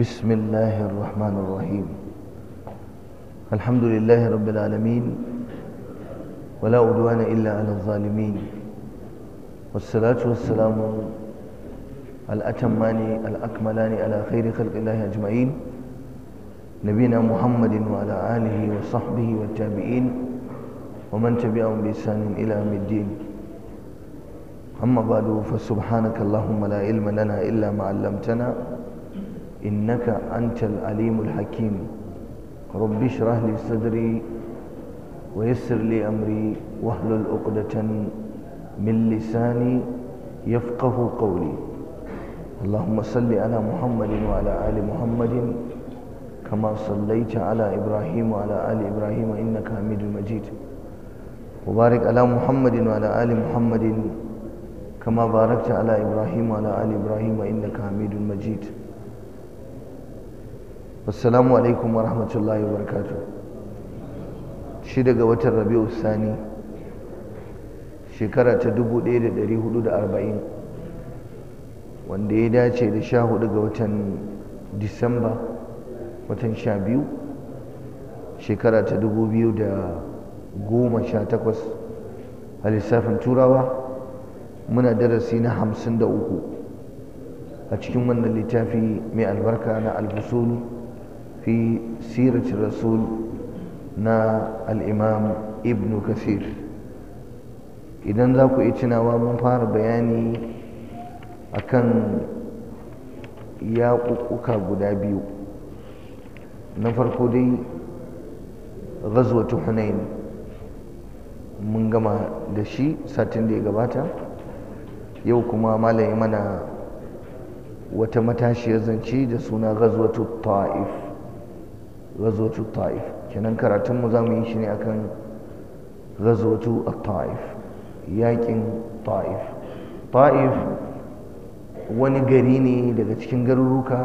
بسم الله الرحمن الرحيم الحمد لله رب العالمين ولا عدوان إلا على الظالمين والصلاة والسلام الأتمان الأكملان على خير خلق الله أجمعين نبينا محمد وعلى آله وصحبه والتابعين ومن تبعهم بإحسان إلى يوم الدين أما بعد فسبحانك اللهم لا علم لنا إلا ما علمتنا إنك أنت العليم الحكيم رب اشرح لي صدري ويسر لي أمري واحلل عقدة من لساني يفقه قولي اللهم صل على محمد وعلى آل محمد كما صليت على إبراهيم وعلى آل إبراهيم إنك حميد مجيد وبارك على محمد وعلى آل محمد كما باركت على إبراهيم وعلى آل إبراهيم إنك حميد مجيد assalamu alaikum wa rahmatullahi wa barakatu shi daga watan rabi'u sani shekara ta 1440 wanda ya dace da sha hudu ga watan disamba watan sha biyu shekara ta 2018 a lissafin turawa muna darasi na 53 a cikin wannan littafi mai albarka na albusulu fi sirati rasul na al'imam ibn kasir idan za ku iya cinawa mun fara bayani akan yaƙuƙuka guda biyu na farko dai ghazwatu hunain mun gama da shi satin da ya gabata yau kuma malaye mana wata matashiyar zance da suna ghazwatu ta'if ghazwatu ta'if kenan karatun mu zamu yi shi ne akan ghazwatu at-ta'if yakin ta'if ta'if wani gari ne daga cikin garuruka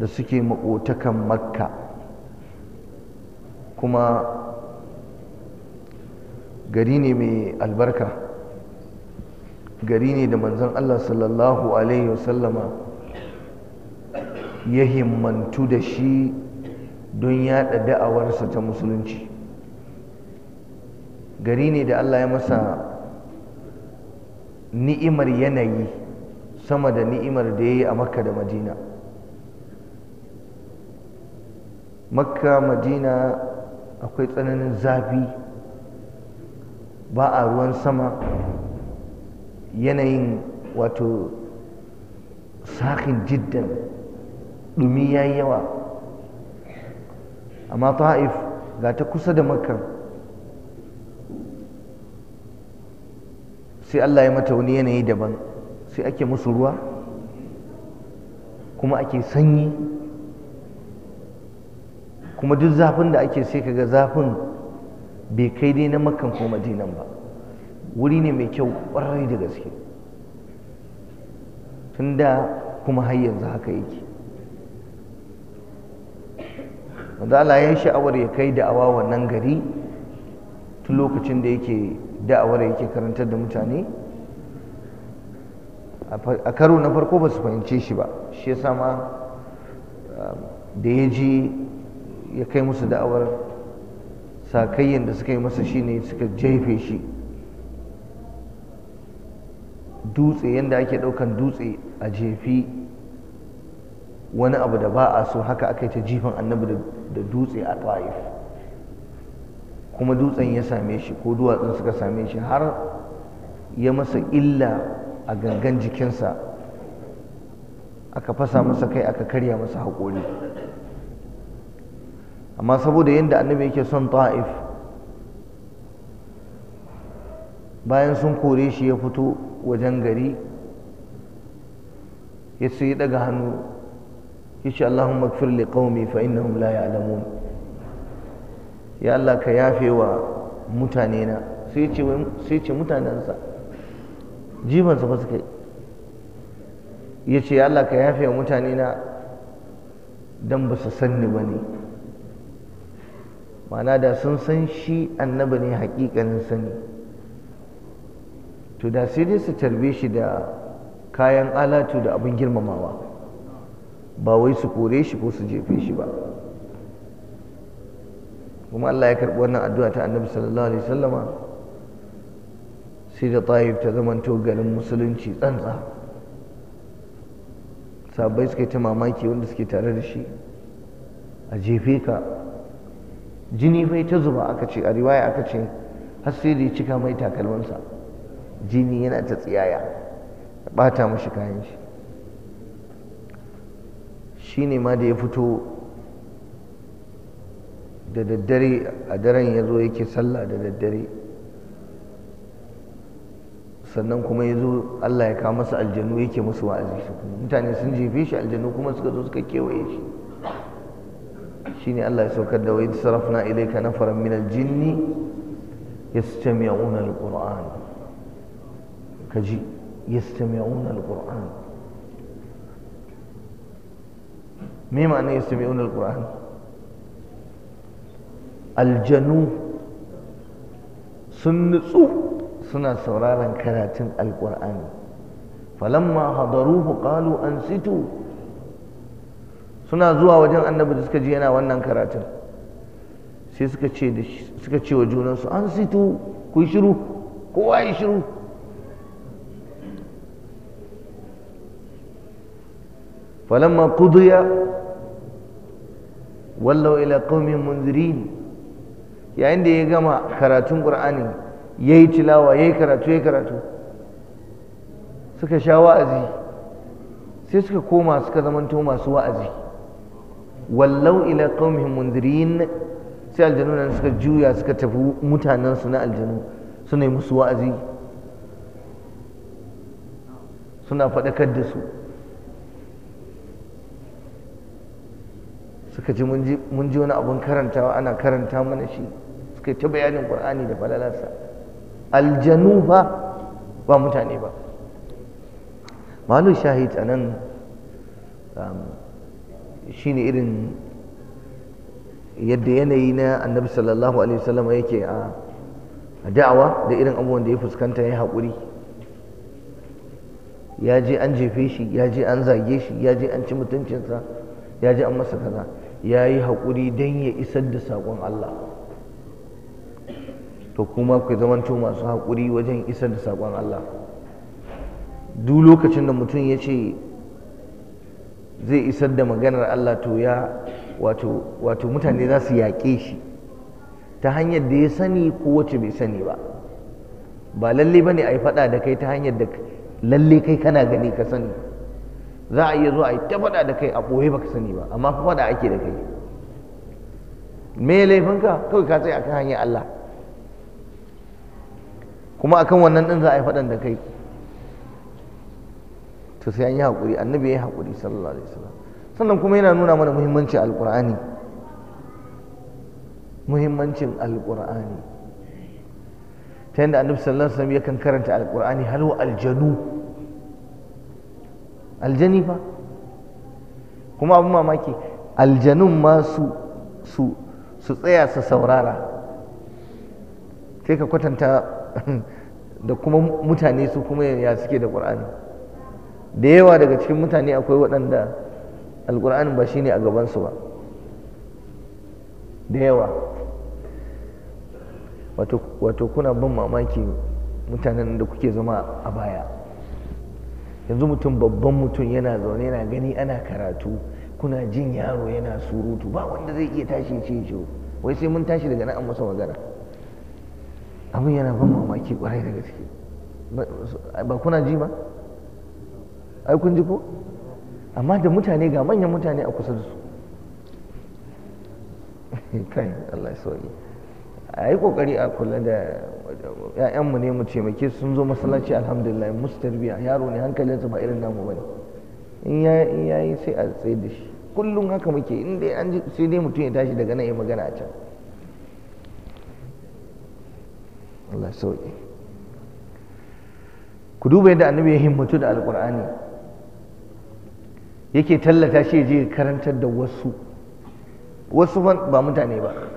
da suke maƙotakan makka kuma gari ne mai albarka gari ne da manzon Allah sallallahu alaihi wasallama ya himmantu da shi don yada da'awarsa ta musulunci gari ne da Allah ya masa ni'imar yanayi sama da ni'imar da ya yi a makka da madina makka madina akwai tsananin zafi ba a ruwan sama yanayin wato sakin jiddan dumi ya yawa amma ta'if ga ta kusa da makka sai Allah ya mata wani yanayi daban sai ake musu ruwa kuma ake sanyi kuma duk zafin da ake sai kaga zafin bai kai dai na makkan ko madinan ba wuri ne mai kyau ƙwarai da gaske tunda kuma har yanzu haka yake manzo Allah ya sha'awar ya kai da'awa wannan gari tun lokacin da yake da'awar yake karantar da mutane a karo na farko ba su fahimce shi ba shi yasa ma um, da ya ji ya kai musu da'awar sakayyan da suka yi masa ne suka jefe shi dutse yadda ake ɗaukan dutse a jefi wani abu da ba a so haka aka yi ta jifan annabi da dutse a ta'if kuma dutsen ya same shi ko duwatsun suka same shi har ya masa illa a gangan jikinsa aka fasa masa kai aka karya masa haƙori amma saboda yadda annabi yake son ta'if bayan sun kore shi ya fito wajen gari ya sai daga hannu yace Allahumma ighfir li qaumi fa innahum la ya'lamun ya Allah ka yafe wa mutane na sai ce sai ce mutanensa jiban sa fa suka yace ya Allah ka yafe wa mutane na dan ba su sanni bane ma'ana da sun san shi annaba ne hakikanin sani to da sai dai su tarbe shi da kayan alatu da abin girmamawa ba wai su kore shi ko su jefe shi ba kuma Allah ya karɓi wannan addu'a ta annabi sallallahu alaihi wasallama sai da ta'if ta zamanto garin musulunci tsantsa sabai suka yi ta mamaki wanda suke tare da shi a jefe ka jini fai ta zuba aka ce a riwaya aka ce har sai da ya cika mai takalmansa jini yana ta tsiyaya ya ɓata mashi kayan shi Shi ne ma da ya fito da daddare a daren ya zo yake sallah da daddare sannan kuma ya zo Allah ya kawo masa aljanu yake musu wa'azi kuma mutane sun jefe shi aljanu kuma suka zo suka kewaye shi shine Allah ya saukar da wai sarafna ilayka nafaran min aljinni yastami'una alquran kaji yastami'una alquran me ma'ana yastami'una alquran aljanu sun nutsu suna sauraron karatun alqur'ani falamma hadaruhu qalu ansitu suna zuwa wajen annabi da suka ji yana wannan karatun sai suka ce suka ce wa junansu an situ ku shiru kowa yi shiru falamma qudiya wallau ila qaumin munzirin yayin da ya gama karatun qur'ani yayi tilawa yayi karatu yayi karatu suka sha wa'azi sai suka koma suka zamanto masu wa'azi wallau ila qaumin munzirin sai aljanu nan suka juya suka tafi mutanen su na aljanu suna yi musu wa'azi suna faɗakar da su suka ji mun ji wani abun karantawa ana karanta mana shi suka ta bayanin qur'ani da falalarsa aljanu ba ba mutane ba malu shahid a nan um, shi irin yadda yanayi na annabi sallallahu alaihi wasallam yake a da'awa da irin abubuwan da ya fuskanta ya haƙuri ya je an jefe shi ya je an zage shi ya je an ci mutuncinsa ya je an masa kaza ya yi haƙuri don ya isar da saƙon Allah to kuma ku zamanto masu haƙuri wajen isar da saƙon Allah duk lokacin da mutum ya ce zai isar da maganar Allah to ya wato mutane za su yaƙe shi ta hanyar da ya sani ko wacce bai sani ba ba lalle ba ne a yi faɗa da kai ta hanyar da lalle kai kana gani ka sani za a iya zuwa a yi ta faɗa da kai a ɓoye baka sani ba amma fa faɗa ake da kai me laifinka kawai ka tsaye akan hanyar Allah kuma akan wannan ɗin za a yi faɗan da kai to sai an yi haƙuri annabi ya yi haƙuri sallallahu alaihi wasallam sannan kuma yana nuna mana muhimmancin alƙur'ani muhimmancin alƙur'ani ta yadda annabi sallallahu alaihi wasallam yakan karanta alƙur'ani har wa aljanu aljani ba kuma abin mamaki aljanun ma su su su tsaya su saurara sai ka kwatanta da kuma mutane su kuma ya suke da ƙur'ani da yawa daga cikin mutane akwai waɗanda alƙur'anin ba shine a gabansu ba da yawa wato kuna ban mamaki mutanen da kuke zama a baya yanzu mutum babban mutum yana zaune yana gani ana karatu kuna jin yaro yana surutu ba wanda zai iya tashi ce ce wai sai mun tashi daga nan masa magana abin yana ban mamaki kwarai da gaske ba kuna ji ba ai kun ji ko amma da mutane ga manyan mutane a kusa da su kai Allah ya sauke a yi kokari a kula da ‘ya'yanmu ne mu taimake sun zo masallaci alhamdulillah musu tarbiya yaro ne hankalinsa ba irin namu bane in ya yi sai a tsaye da shi kullum haka muke in dai an ji sai dai mutum ya tashi daga nan ya magana a can Allah sauke ku duba yadda annabi ya himmatu da alƙur'ani yake tallata shi ya je karantar da wasu wasu ba mutane ba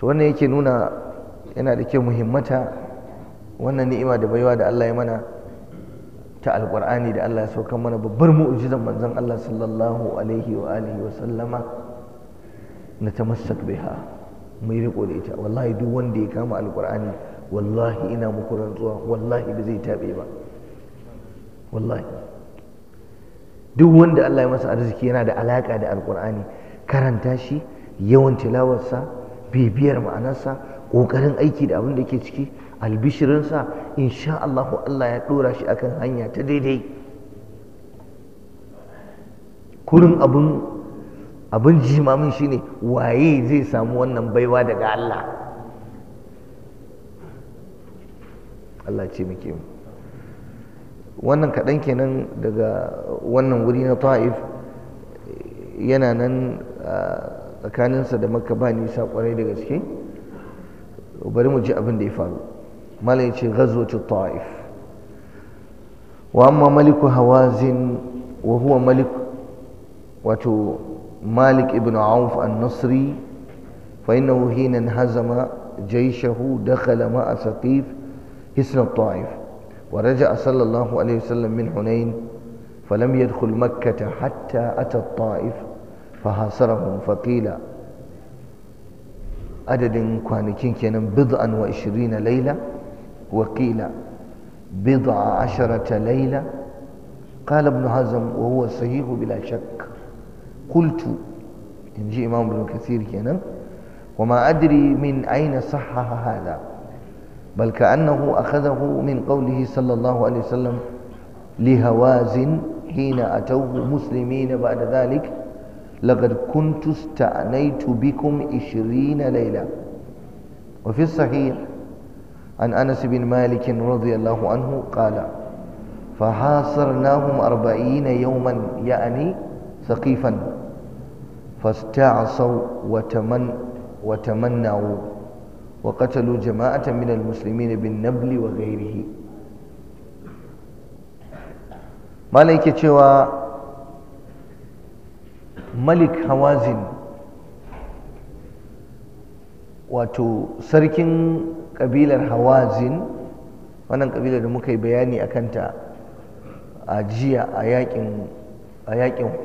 to wannan yake nuna yana da kyau muhimmata wannan ni'ima da baiwa da Allah ya mana ta Alƙur'ani da Allah ya sauka mana babbar mu'jizan manzon Allah sallallahu alaihi wa alihi wa sallama na tamassak biha mai riko da ita wallahi duk wanda ya kama Alƙur'ani, wallahi ina muku rantsuwa wallahi ba zai tabe ba wallahi duk wanda Allah ya masa arziki yana da alaƙa da Alƙur'ani, karanta shi yawan tilawarsa bibiyar ma'anarsa ƙoƙarin aiki da abin da ke ciki albishirinsa insha Allahu Allah ya ɗora shi akan hanya ta daidai kurin abin abin jimamin shine waye zai samu wannan baiwa daga Allah Allah ce muke mu wannan kaɗan kenan daga wannan wuri na ta'if yana nan ah, tsakaninsa da maka ba nisa kwarai da gaske bari mu ji abin da ya faru malam ya ce ta'if wa amma maliku hawazin wa huwa malik wato malik ibn auf an-nasri fa innahu hina hazama jayshahu dakhala ma'a saqif taif wa raja'a sallallahu wasallam min hunain فلم يدخل مكة حتى أتى الطائف fahasarahun faƙila adadin kwanakin kenan bid'an wa ishirina laila wakila bid'a asharata laila ƙala ibn hazm wa huwa sahihu bila shakka qultu in ji imam ibn kathir kenan wa ma adri min aina sahaha hada بل كأنه أخذه من قوله صلى الله عليه وسلم لهوازن حين أتوه مسلمين بعد ذلك لقد كنت استعنيت بكم عشرين ليلة وفي الصحيح عن أنس بن مالك رضي الله عنه قال فحاصرناهم أربعين يوما يعني ثقيفا فاستعصوا وتمن وتمنعوا وقتلوا جماعة من المسلمين بالنبل وغيره ما لك malik hawazin wato sarkin ƙabilar hawazin wannan ƙabilar da muka yi bayani a kanta a jiya a yakin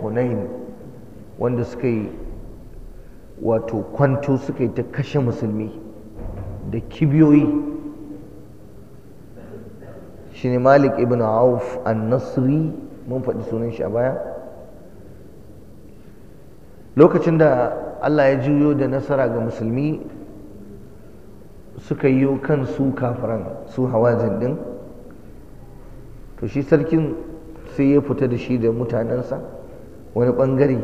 hunain wanda suka yi wato kwanto suka yi ta kashe musulmi da kibiyoyi shine malik ibn auf an-nasri mun faɗi sunan shi a baya lokacin da Allah ya juyo da nasara ga musulmi suka yi kan su kafiran su hawajin din to shi sarkin sai ya fita da shi da mutanensa wani bangare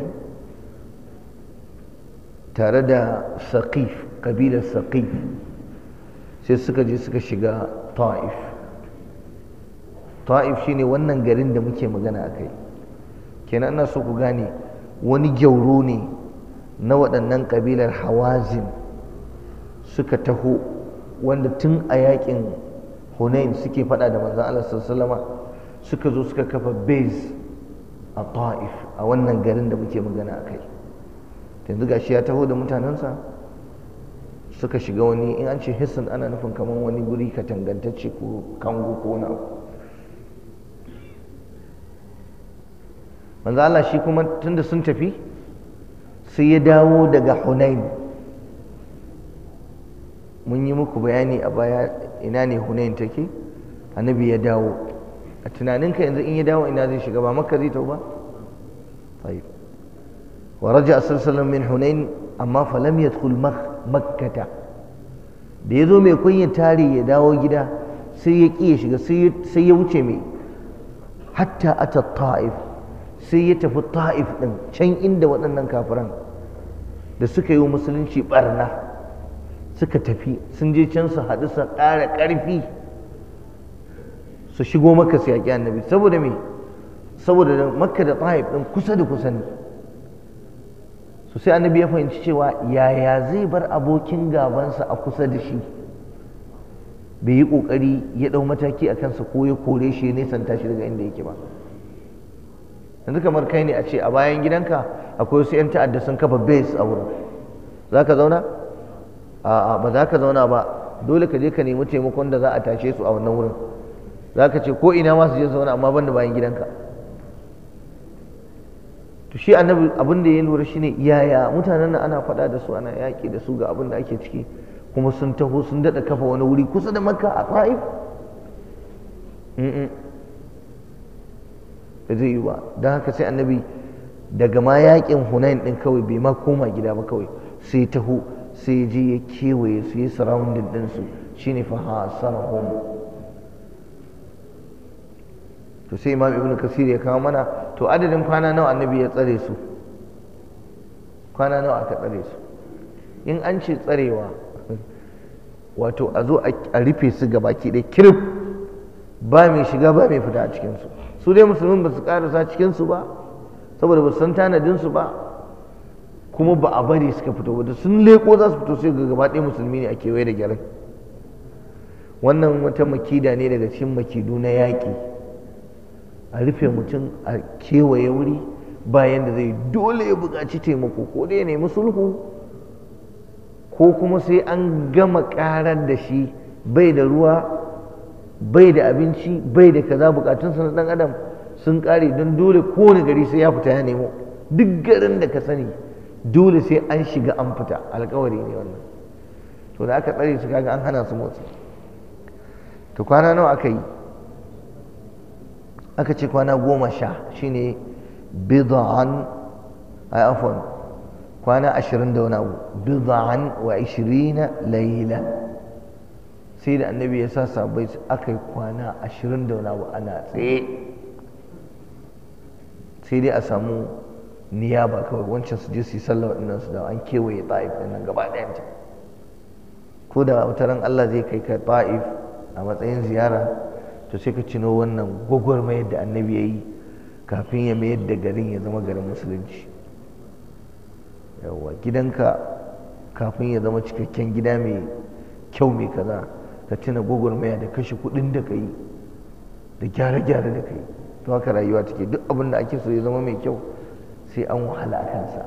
tare da saqif kabilar saqif sai suka je suka shiga ta'if ta'if shine wannan garin da muke magana a kai kenan ina so ku gane wani gyauro ne na waɗannan ƙabilar hawazin suka taho wanda tun a yakin hunain suke faɗa da manzan Allah sallama suka zo suka kafa base a ta'if a wannan garin da muke magana a kai yanzu gashi ya taho da mutanensa suka shiga wani in an ce hissin ana nufin kamar wani guri katangantacce ko kango ko wani abu manzo Allah shi kuma tunda sun tafi sai ya dawo daga Hunain mun yi muku bayani a baya ina ne Hunain take annabi ya dawo a tunaninka yanzu in ya dawo ina zai shiga ba makka zai tau ba طيب ورجع صلى min عليه وسلم من حنين amma falam ya tukul makkata da ya zo mai kunya tare ya dawo gida sai ya ƙi ya shiga sai ya wuce mai hatta ata ta'if sai ya tafi ta'if ɗin can inda waɗannan kafiran da suka yi musulunci ɓarna suka tafi sun je can su haɗu su ƙara ƙarfi su shigo maka su yaƙi annabi saboda me saboda da makka da ta'if ɗin kusa da kusa ne su sai annabi ya fahimci cewa yaya zai bar abokin gabansa a kusa da shi bai yi ƙoƙari ya ɗau mataki a kansa ko ya kore shi ya nesanta shi daga inda yake ba yanzu kamar kai ne a ce a bayan gidanka akwai wasu 'yan ta'adda sun kafa base a wurin za ka zauna a'a ba za ka zauna ba dole ka je ka nemi taimakon da za a tashe su a wannan wurin za ka ce ko ina ma su je zauna amma ban da bayan gidanka to shi annabi abin da ya lura shine yaya mutanen nan ana faɗa da su ana yaƙi da su ga abin da ake ciki kuma sun taho sun daɗa kafa wani wuri kusa da makka a ta'if ba zai yi ba don haka sai annabi daga ma yakin hunain din kawai bai ma koma gida ba kawai sai taho sai je ya kewaye su yi surrounding din su shine fa hasarhum to sai imam ibnu kasir ya kawo mana to adadin kwana nawa annabi ya tsare su kwana nawa aka tsare su in an ce tsarewa wato a zo a rufe su gabaki ɗaya kirif ba mai shiga ba mai fita a cikinsu su dai musulmin ba su karasa cikinsu ba saboda ba su san tanadinsu ba kuma ba a bari suka fito ba da sun leko za su fito sai ga gaba ɗaya musulmi ne a kewaye da gyaran wannan wata makida ne daga cikin makidu na yaƙi a rufe mutum a kewaye wuri bayan da zai dole ya buƙaci taimako ko dai ya nemi sulhu ko kuma sai an gama ƙarar da shi bai da ruwa bai da abinci bai da kaza bukatunsa na dan adam sun kare don dole kowane gari sai ya fita ya nemo duk garin da ka sani dole sai an shiga an fita alkawari ne wannan to da aka tsare su kaga an hana su motsi to kwana nawa aka yi aka ce kwana goma sha shine bid'an ai afwan kwana ashirin da wani abu bid'an wa ishirina layla sai da annabi ya sa sabai aka yi kwana ashirin da wani ana tsaye sai dai a samu niyaba kawai wancan su je su yi sallah waɗannan su da an kewaye ta'if ɗin nan gaba ɗayan ta ko da wata ran Allah zai kai ka ta'if a matsayin ziyara to sai ka cino wannan gwagwarmayar da annabi ya yi kafin ya mayar da garin ya zama garin musulunci yawwa gidanka kafin ya zama cikakken gida mai kyau mai kaza ka tuna gwagwarmaya da kashe kudin da ka yi da gyare-gyare da ka yi to haka rayuwa take duk abin da ake so ya zama mai kyau sai an wahala a kansa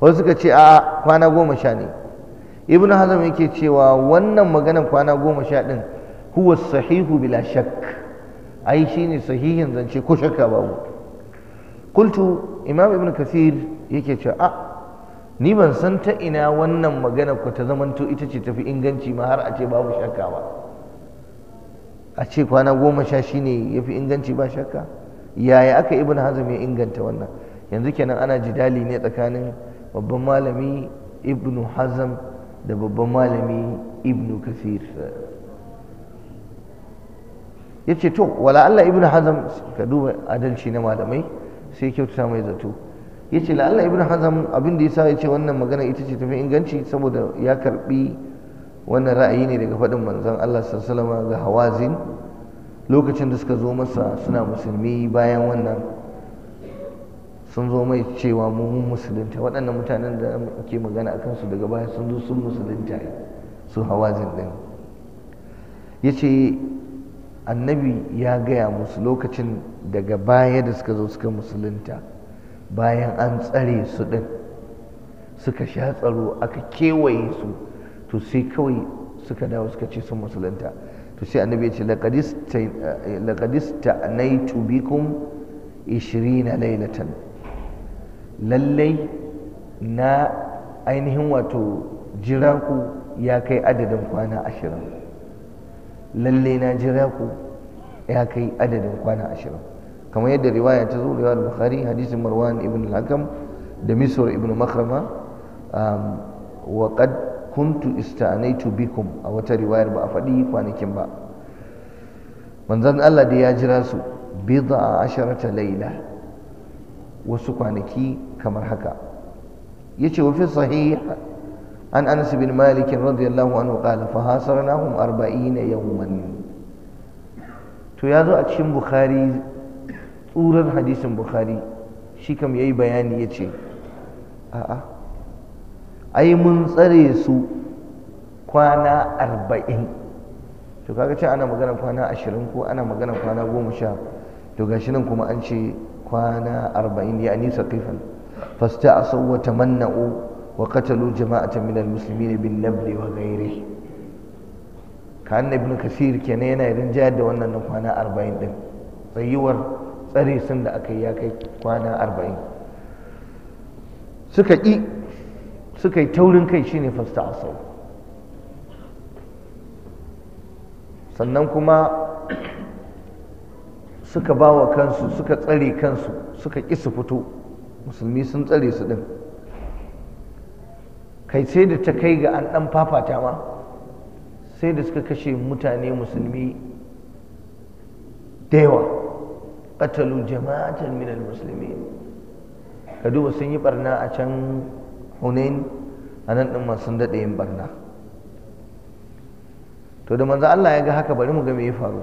wasu suka ce a kwana goma sha ne ibn hazm yake cewa wannan maganar kwana goma sha ɗin huwa sahihu bila shak ai shine sahihin zance ko shakka babu kultu imam ibn kasir yake cewa a ni ban san ta ina wannan magana ku ta zamanto ita ce tafi inganci ma har a ce babu shakka ba a ce kwana goma sha shi ne ya fi inganci ba shakka yaya aka ibn hazm ya inganta wannan yanzu kenan ana jidali ne tsakanin babban malami ibnu hazm da babban malami ibnu kasir ya ce to wala allah ibnu hazm ka duba adalci na malamai sai kyautata mai zato ya ce la'alla ibn hazam abin da ya ce wannan magana ita ce tafi inganci saboda ya karbi wannan ra'ayi ne daga faɗin manzon Allah sallallahu ga hawazin lokacin da suka zo masa suna musulmi bayan wannan sun zo mai cewa mu musulunta waɗannan mutanen da ke magana a kansu daga baya sun zo sun musulunta su hawazin ɗin ya ce annabi ya gaya musu lokacin daga baya da suka zo suka musulunta bayan an tsare su ɗin suka sha tsaro aka kewaye su to sai kawai suka dawo suka ce sun musulunta to sai annabi ya ce laƙadista naitu bikum na lailatan lallai na ainihin wato jira ku ya kai adadin kwana ashirin lallai na jira ku ya kai adadin kwana ashirin kamar yadda riwaya ta zo riwayar bukhari hadisin marwan ibn al-hakam da misr ibn makrama um, wa qad kuntu istanaitu bikum a wata riwayar ba a faɗi kwanakin ba manzon Allah da ya jira su bid'a asharata layla wasu kwanaki kamar haka yace wa fi sahih an Anas bin Malik radiyallahu anhu qala fa hasarnahum 40 yawman to zo a cikin bukhari tsurar hadisin bukhari shi kam ya yi bayani ya ce a'a ai mun tsare su kwana arba'in to kaga ce ana magana kwana ashirin ko ana magana kwana goma sha to gashi nan kuma an ce kwana arba'in ya nisa kaifan fasta sau wata manna'o wa jama'a ta minal Musulmi ne bin nabli wa ka annabi ibn kasir kenan yana rinjayar da wannan na kwana arba'in din tsayuwar tsare sun da aka yi ya kai kwana arba'in suka ƙi suka yi taurin kai shine fasta asau sannan kuma suka ba wa kansu suka tsare kansu suka ƙi su fito musulmi sun tsare su ɗin kai sai da ta kai ga an ɗan fafata ma sai da suka kashe mutane musulmi da yawa qatalu jama'atan min almuslimin ka duba sun yi barna a can hunain a nan ɗin masu daɗe yin barna to da manzo Allah ya ga haka bari mu ga me ya faru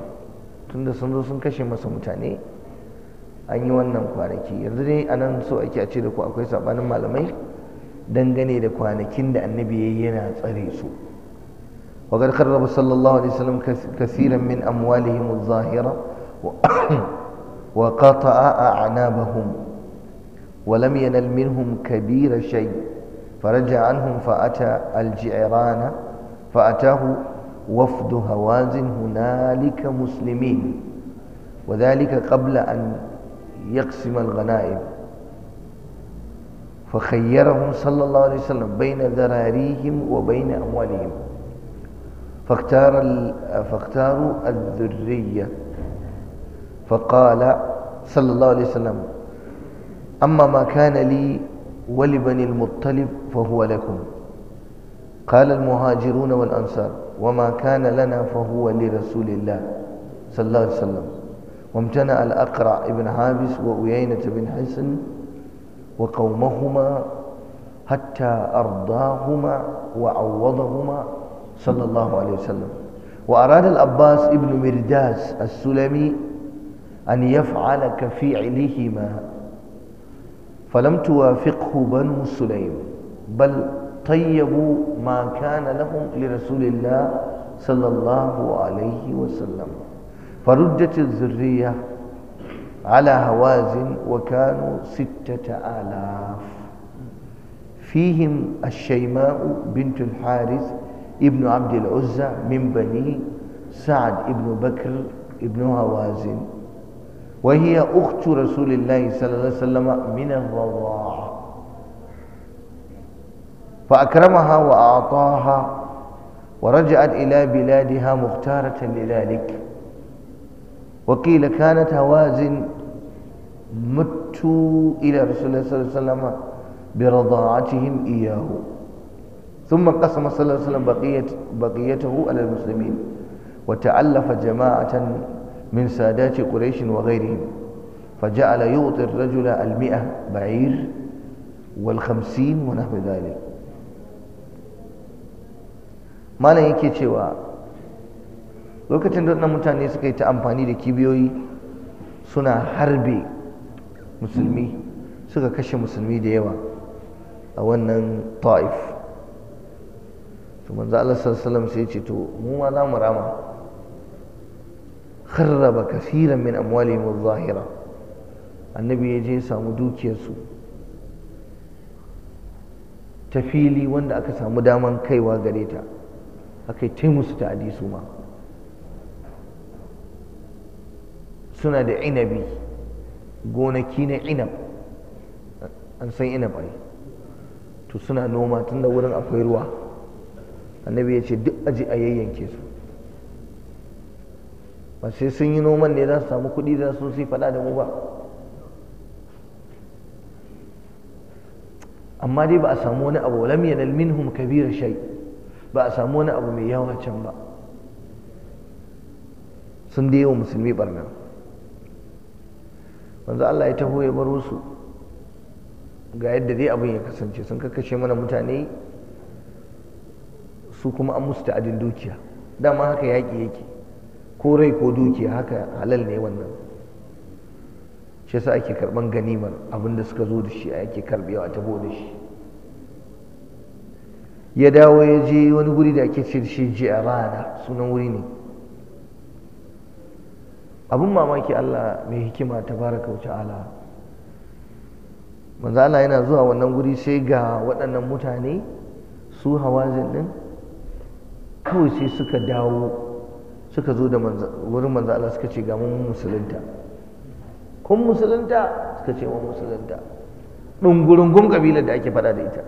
tunda sun zo sun kashe masa mutane an yi wannan kwanaki yanzu dai a nan so ake a ce da ku akwai sabanin malamai dangane da kwanakin da annabi ya yana tsare su وقد قرب صلى الله min وقطع أعنابهم ولم ينل منهم كبير شيء فرجع عنهم فأتى الجعران فأتاه وفد هوازن هنالك مسلمين وذلك قبل أن يقسم الغنائم فخيرهم صلى الله عليه وسلم بين ذراريهم وبين أموالهم فاختار فاختاروا الذرية فقال صلى الله عليه وسلم أما ما كان لي ولبني المطلب فهو لكم قال المهاجرون والأنصار وما كان لنا فهو لرسول الله صلى الله عليه وسلم وامتنع الأقرع ابن حابس وأيينة بن حسن وقومهما حتى أرضاهما وعوضهما صلى الله عليه وسلم وأراد العباس ابن مرداس السلمي أن يفعل كفعلهما فلم توافقه بنو سليم بل طيبوا ما كان لهم لرسول الله صلى الله عليه وسلم فردت الذرية على هوازن وكانوا ستة آلاف فيهم الشيماء بنت الحارث ابن عبد العزى من بني سعد ابن بكر ابن هوازن وهي أخت رسول الله صلى الله عليه وسلم من الرضاعة فأكرمها وأعطاها ورجعت إلى بلادها مختارة لذلك وقيل كانت هوازن مت إلى رسول الله صلى الله عليه وسلم برضاعتهم إياه ثم قسم صلى الله عليه وسلم بقية بقيته على المسلمين وتألف جماعة من سادات قريش وغيرهم فجعل يعطي الرجل المئة بعير والخمسين ونحو ذلك ما لا yake cewa lokacin da mutane suka yi ta amfani da kibiyoyi suna harbe musulmi suka kashe musulmi da yawa a wannan ta'if to manzo Allah sai ce to mu ma za mu rama kharraba kasiran min amwalihim adh zahira, annabi ya je samu dukiyarsu ta fili wanda aka samu daman kaiwa gare ta aka yi musu ta su ma suna da inabi gonaki na inab an san inab ai to suna noma tunda wurin akwai ruwa annabi ya ce duk aji a yayyanke su ba sai sun yi noman ne za su samu kuɗi za su sai faɗa da mu ba amma dai ba a samu wani abu lam yanal minhum kabira shay ba a samu wani abu mai yawa can ba sun dai yawa musulmi barna wanzu Allah ya taho ya baro su ga yadda dai abin ya kasance sun kakkashe mana mutane su kuma an musu ta'adin dukiya dama haka yaƙi yake ko rai ko duki haka halal ne wannan shi yasa ake karban ganimar abin suka zo da shi a karɓi karbewa ta da shi ya dawo ya je wani guri da ake ce da shi ji a rana sunan wuri ne abin mamaki Allah mai hikima ta baraka kauce ala manzo Allah yana zuwa wannan guri sai ga waɗannan mutane su hawazin din kawai sai suka dawo suka zo da wurin manzo Allah suka ce ga mun musulunta kun musulunta suka ce mun musulunta ɗungurungun kabilar da ake faɗa da ita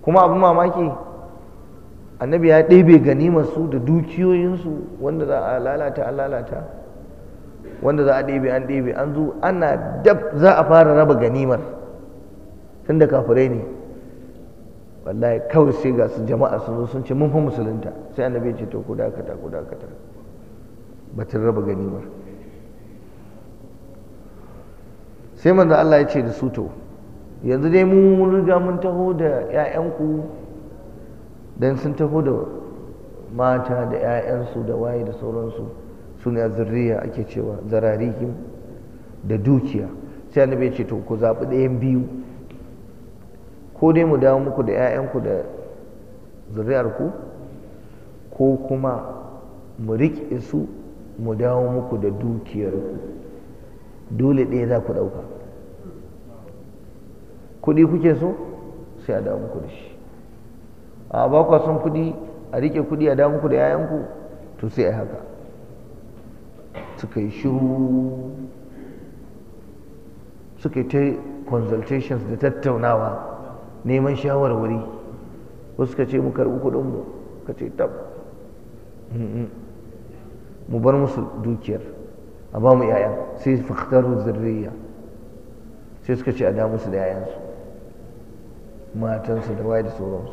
kuma abin mamaki annabi ya ɗebe ganimarsu da dukiyoyinsu wanda za a lalata a lalata wanda za a ɗebe an ɗebe an zo ana dab za a fara raba ganimar tun da kafirai ne wallahi kawai sai ga su jama'a sun sun ce mun fa musulunta sai annabi ya ce to ku dakata ku dakata batun raba ganimar sai manzo Allah ya ce da su to yanzu dai mu mun riga mun taho da 'ya'yanku dan sun taho da mata da 'ya'yansu da waye da sauransu su ne zurriya ake cewa zararihim da dukiya sai annabi ya ce to ku zaɓi ɗayan biyu ko dai mu dawo muku da 'ya'yanku da zuri'arku ko kuma mu riƙe su mu dawo muku da dukiyarku dole ɗaya za ku ɗauka kuɗi kuke so sai a dawo muku da shi a ba ku son kuɗi a riƙe kuɗi a dawo muku da 'ya'yanku to sai a haka suka yi shiru suka yi ta consultations da tattaunawa neman shawarwari wasu ka ce mu karɓi kuɗinmu ka ce tab mu bar musu dukiyar a ba mu yaya sai faktaru zirriya sai suka ce a da musu da yayansu matansu da waye da sauransu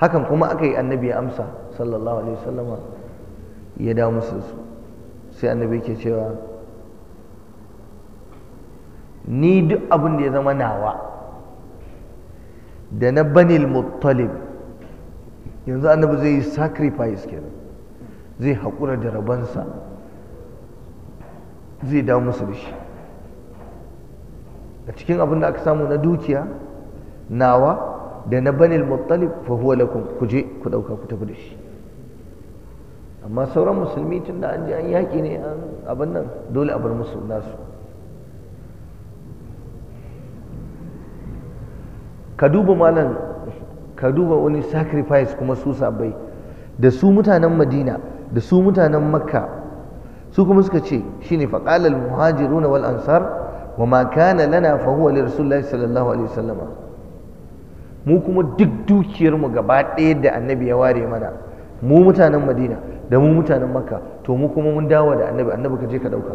hakan kuma aka yi annabi amsa sallallahu alaihi wasallama ya da musu su sai annabi ke cewa ni duk abin da ya zama nawa da na banil muttalib yanzu annabi zai yi sacrifice kenan zai haƙura da rabansa zai dawo musu da shi a cikin abin da aka samu na dukiya nawa da na banil muttalib fa huwa lakum ku je ku ɗauka ku tafi da shi amma sauran musulmi tun da an ji an yaƙi ne abin nan dole a bar musu nasu ka duba malam ka duba wani sacrifice kuma su sabai da su mutanen madina da su mutanen makka su kuma suka ce shine faƙalar al muhajirun wal ansar wa ma kana lana fahuwa da li sallallahu alaihi sallama mu kuma duk dukiyar mu gaba ɗaya da annabi ya ware mana mu mutanen madina da mu mutanen makka to mu kuma mun dawo da annabi annabi ka je ka ɗauka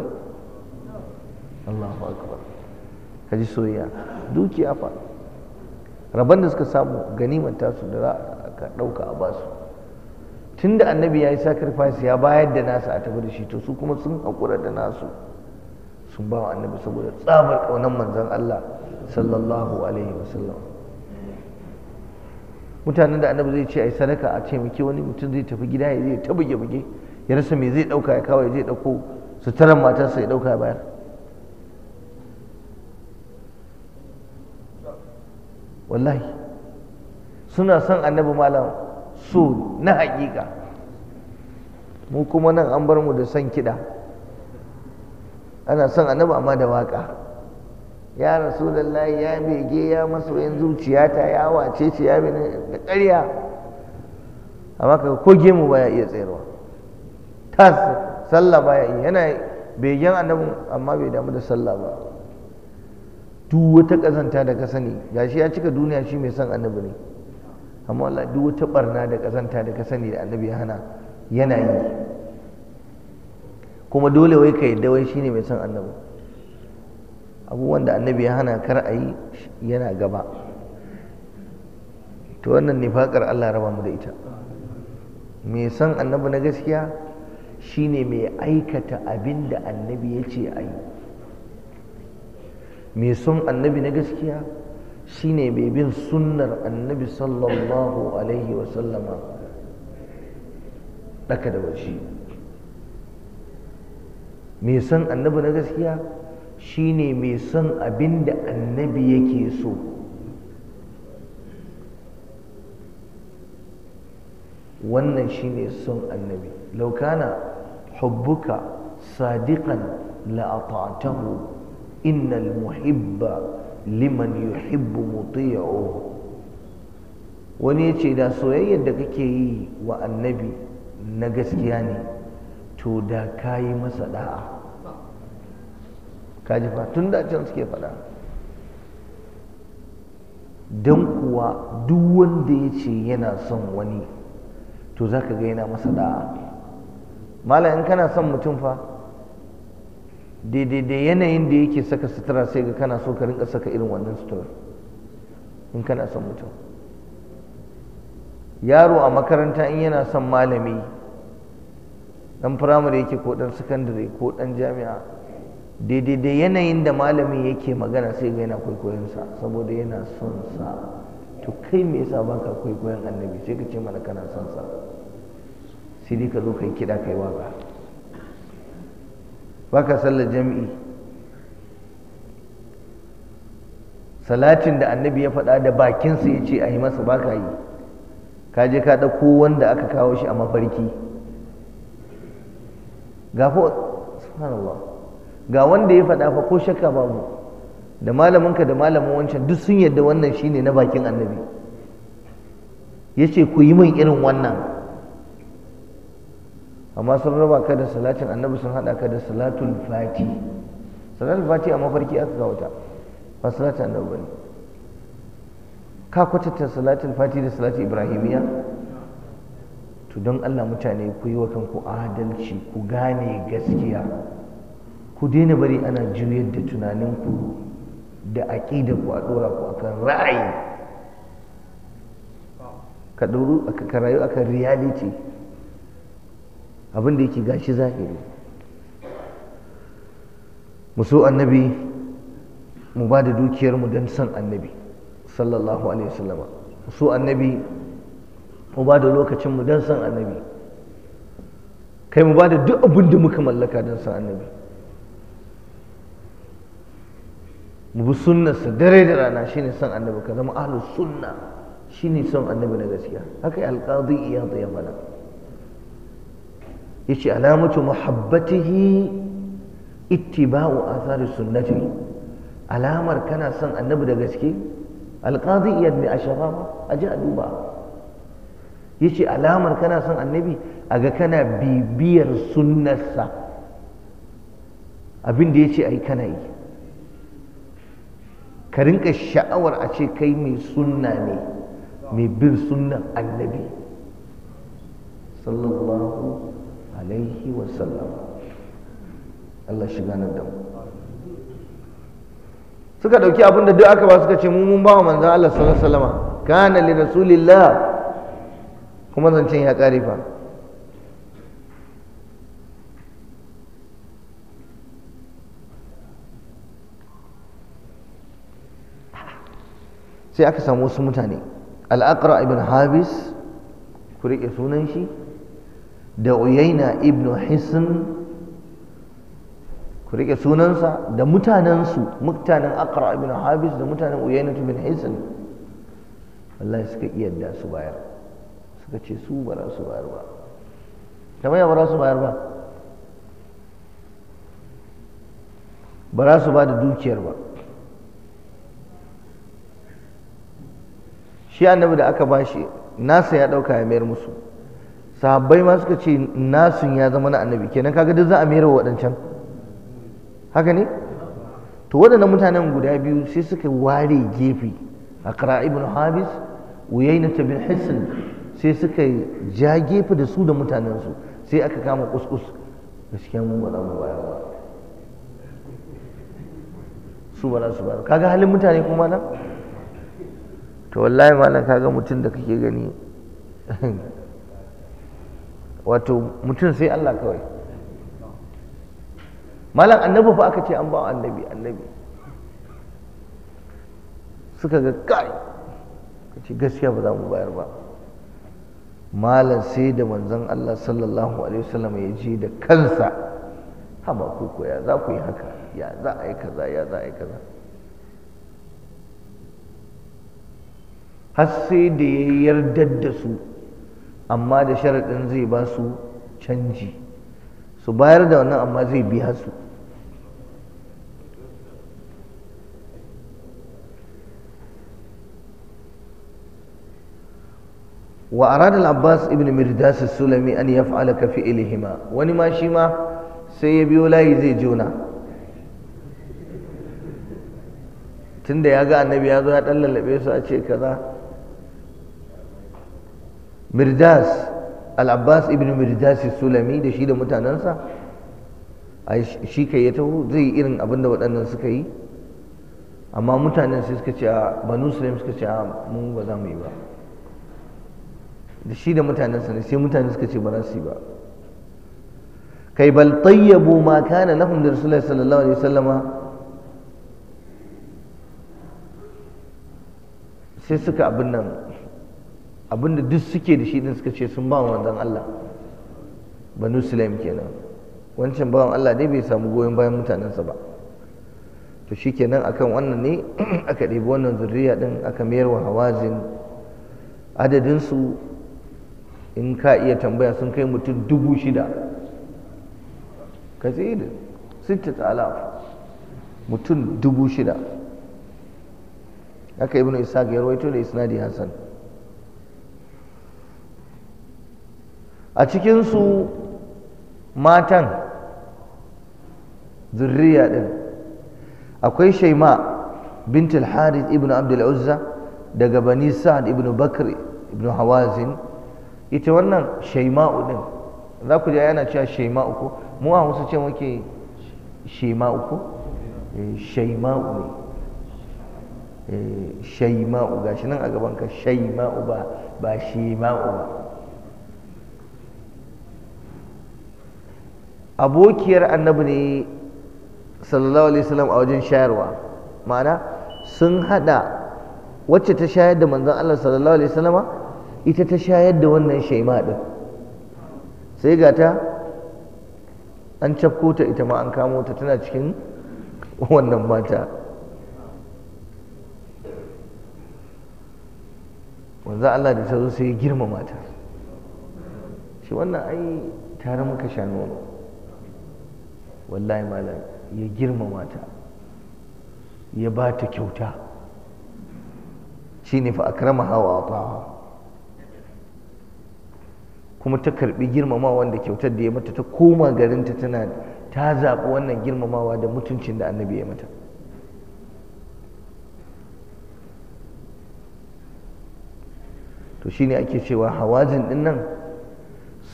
Allahu akbar ka ji soyayya dukiya fa Raban da suka samu ganimar tasu da za a ɗauka a basu tun da annabi ya yi sacrifice ya bayar da nasa a tafi da shi to su kuma sun haƙura da nasu sun ba wa annabi saboda tsabar ƙaunar manzan Allah sallallahu alaihi wasallam mutanen da annabi zai ce a yi sadaka a ce miki wani mutum zai tafi gida ya zai ta buge ya rasa me zai ɗauka ya kawo ya ɗauko ɗauko suturan matarsa ya ɗauka ya bayar wallahi suna son annabi malam so na hakika mu kuma nan an bar mu da son kiɗa ana son annabi amma da waka ya rasulullahi ya bege ya masoyin ta ya wace ce ya bene da ƙarya amma kaga ko gemu ba ya iya tsayarwa tas sallah baya yi yana begen annabi amma bai damu da sallah ba duk wata ƙazanta da ka sani ga shi ya cika duniya shi mai son annabi ne amma Allah duk wata barna da ƙazanta da ka sani da annabi ya hana yana yi kuma dole wai ka yadda wai shine mai son annabi abubuwan da annabi ya hana kar a yi yana gaba to wannan nifakar Allah raba mu da ita mai son annabi na gaskiya shine mai aikata abin da annabi ya ce a yi mai son annabi na gaskiya shine mai bin sunnar annabi sallallahu alaihi sallama, daka da washi mai son annabi na gaskiya shine mai son abin da annabi yake so wannan shine son annabi laukana hubbuka sadiqan la'ata'tahu innal muhibba liman yuhibbu muti'u wani ya ce da soyayyar da kake yi wa annabi na gaskiya ne to da ka masa da'a kaji fa tun da can suke faɗa Dan kuwa duk wanda ya ce yana son wani to za ka ga yana masa da'a mala in kana son mutum fa daidai yanayin da yake saka sutura sai ga kana so ka rinka saka irin wannan sutura in kana son mutum yaro a makaranta in yana son malami dan firamare yake ko dan sakandare ko dan jami'a daidai da yanayin da malami yake magana sai ga yana sa, saboda yana son sa to kai me yasa baka kwaikwayon annabi sai ka ce mana kana son sa sai dai ka zo kai kiɗa kai waka baka sallar jami'i salatin da annabi ya faɗa da bakinsa ya ce a yi masa baka yi ka je ka ɗauko wanda aka kawo shi a mafarki ga ga wanda ya faɗa fa ko shakka babu da malaminka da malamin wancan duk sun yadda wannan shine na bakin annabi ya ce ku yi min irin wannan amma sun raba ka da salatin annabi sun hada ka da salatul fati salatul fati a mafarki aka ga wata ba salatin annabi bane ka kwatanta salatul fati da salatul ibrahimiya to don Allah mutane ku yi wa kanku adalci ku gane gaskiya ku daina bari ana juyar da tunaninku da aƙida ku a ɗora ku akan ra'ayi ka ɗoru a rayu akan reality abin da yake gashi zahiri mu so annabi mu ba da dukiyarmu don son annabi sallallahu alaihi wasallama mu so annabi mu ba da lokacinmu don son annabi kai mu ba da duk abin da muka mallaka don son annabi mu bi sunnarsa dare da rana shine son annabi ka zama ahlus sunna shine son annabi na gaskiya haka alqadi iyad ya faɗa yace alamatu muhabbatihi ittiba'u athari sunnati alamar kana son annabi da gaske alqadi iyad mai ashaba a a duba yace alamar kana son annabi a ga kana bibiyar sunnarsa abin da yace ai kana yi ka rinka sha'awar a ce kai mai sunna ne mai bin sunnan annabi sallallahu alaihi wasallam Allah shi ganar da mu suka dauki abin da duk aka ba suka ce mu mun ba wa manzon Allah sallallahu alaihi kana li rasulillah kuma zancen ya kare fa sai aka samu wasu mutane al-aqra ibn habis ku rike sunan shi da uyaina ibn hisn ku rike sunansa da mutanensu mutanen akra ibn habis da mutanen uyaina ibn hisn wallahi suka iya da su bayar suka ce su ba za su bayar ba kamar ya ba za su bayar ba ba za su ba da dukiyar ba shi annabi da aka bashi nasa ya ɗauka ya mayar musu sahabbai ma suka ce nasun ya zama na annabi kenan kaga duk za a mera waɗancan haka ne to waɗannan mutanen guda biyu sai suka ware gefe a kara ibn habis uyaina ta bin hisn sai suka ja gefe da su da mutanensu sai aka kama kuskus gaskiya mun ba za mu baya ba su ba za su ba kaga halin mutane kuma nan to wallahi malam kaga mutum da kake gani wato mutum sai Allah kawai malam annabi fa aka ce an bawa annabi annabi suka ga kai kace gaskiya ba za mu bayar ba malam sai da manzon Allah sallallahu alaihi wasallam ya ji da kansa haba ku ko ya za ku yi haka ya za a yi kaza ya za a yi kaza har sai da ya yardar da su amma da sharaɗin zai ba su canji su bayar da wannan amma zai biya su wa al-abbas ibn mirdas sulami an yaf'ala ka fi'lihima wani ma shi ma sai ya biyo layi zai jona tunda ya ga annabi ya zo ya dan lallabe su a ce kaza mirdas al-abbas ibn mirdas sulami da shi da mutanensa a shi kai ya taho zai irin abin da waɗannan suka yi amma mutanen sai suka ce a banu sulaim suka ce a mun ba za mu yi ba da shi da mutanensa ne sai mutane suka ce ba za su yi ba kai bal tayyabu ma kana lahum da rasulullahi sallallahu alaihi wasallama sai suka abin nan abinda duk suke da shi din suka ce sun ba dan Allah banu sulaim kenan wancan bawan Allah dai bai samu goyon bayan mutanensa ba to shikenan akan wannan ne aka ɗebi wannan zuriya din aka mayar wa hawazin su in ka iya tambaya sun kai mutum dubu shida da sitta alaf mutum dubu shida haka ibn isa ga yarwaito da isnadi hassan a cikinsu matan zurriya ɗin akwai shaima bint al-harith ibn abdul uzza daga bani sa'ad ibn bakr ibn hawazin ita wannan shaima'u ɗin za ku ji yana cewa shaima'u ko mu a wasu ce muke shaima'u ko eh, shaima'u ne eh, shaima'u gashi nan a gaban ka shaima'u ba ba shaima'u ba abokiyar annabi ne sallallahu alaihi wasallam a wajen shayarwa ma'ana sun hada wacce ta shayar da manzon Allah sallallahu alaihi wasallama ita ta shayar da wannan shaima din sai ga ta an cafko ta ita ma an kamo ta tana cikin wannan mata wanzu Allah da ta zo sai girma mata shi wannan ai tare muka sha nono wallahi malam ya girmama ta ya ba ta kyauta Shi ne fa akrama hawa ta kuma ta karbi girmamawa da kyautar da ya mata ta koma garinta tana ta zaɓi wannan girmamawa da mutuncin da annabi ya mata to shi shine ake cewa hawazin ɗin nan